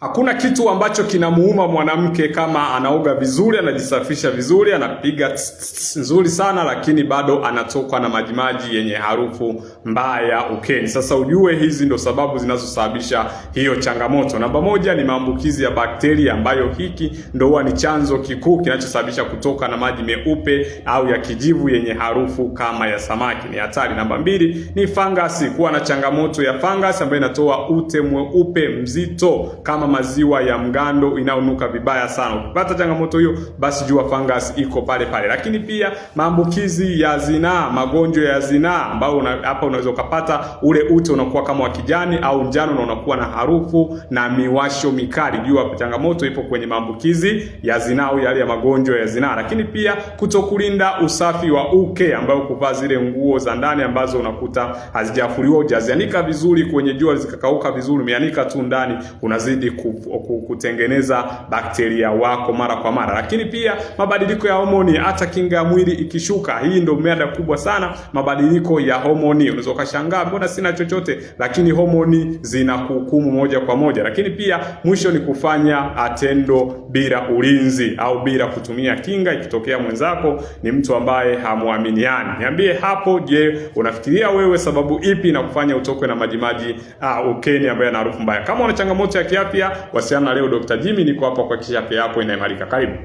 Hakuna kitu ambacho kinamuuma mwanamke kama anaoga vizuri, anajisafisha vizuri, anapiga nzuri sana, lakini bado anatokwa na majimaji yenye harufu mbaya ukeni. Sasa ujue hizi ndo sababu zinazosababisha hiyo changamoto. Namba moja ni maambukizi ya bakteria, ambayo hiki ndo huwa ni chanzo kikuu kinachosababisha kutoka na maji meupe au ya kijivu yenye harufu kama ya samaki, ni hatari. Namba mbili ni fangasi, kuwa na changamoto ya fangasi ambayo inatoa ute mweupe mzito kama maziwa ya mgando inayonuka vibaya sana. Ukipata changamoto hiyo, basi jua fungus iko pale pale. Lakini pia maambukizi ya zinaa, magonjwa ya zinaa ambayo una, hapa unaweza ukapata ule ute unakuwa kama wa kijani au njano na unakuwa na harufu na miwasho mikali. Jua changamoto ipo kwenye maambukizi ya zinaa au yale ya magonjwa ya zinaa. Lakini pia kutokulinda usafi wa uke, ambayo kuvaa zile nguo za ndani ambazo unakuta hazijafuliwa, hujazianika vizuri kwenye jua, zikakauka vizuri, umeanika tu ndani unazidi kutengeneza bakteria wako mara kwa mara. Lakini pia mabadiliko ya homoni, hata kinga ya mwili ikishuka, hii ndio mada kubwa sana, mabadiliko ya homoni. Unaweza ukashangaa mbona sina chochote, lakini homoni zinakuhukumu moja kwa moja. Lakini pia mwisho ni kufanya atendo ah, bila ulinzi au bila kutumia kinga, ikitokea mwenzako ni mtu ambaye hamuaminiani. Niambie hapo, je, unafikiria wewe sababu ipi na kufanya utokwe na majimaji ah, ukeni ambayo yana harufu mbaya? Kama una changamoto ya kiafya haya. na leo Dr. Jimmy, niko hapa kuhakikisha afya yako inaimarika. Karibu.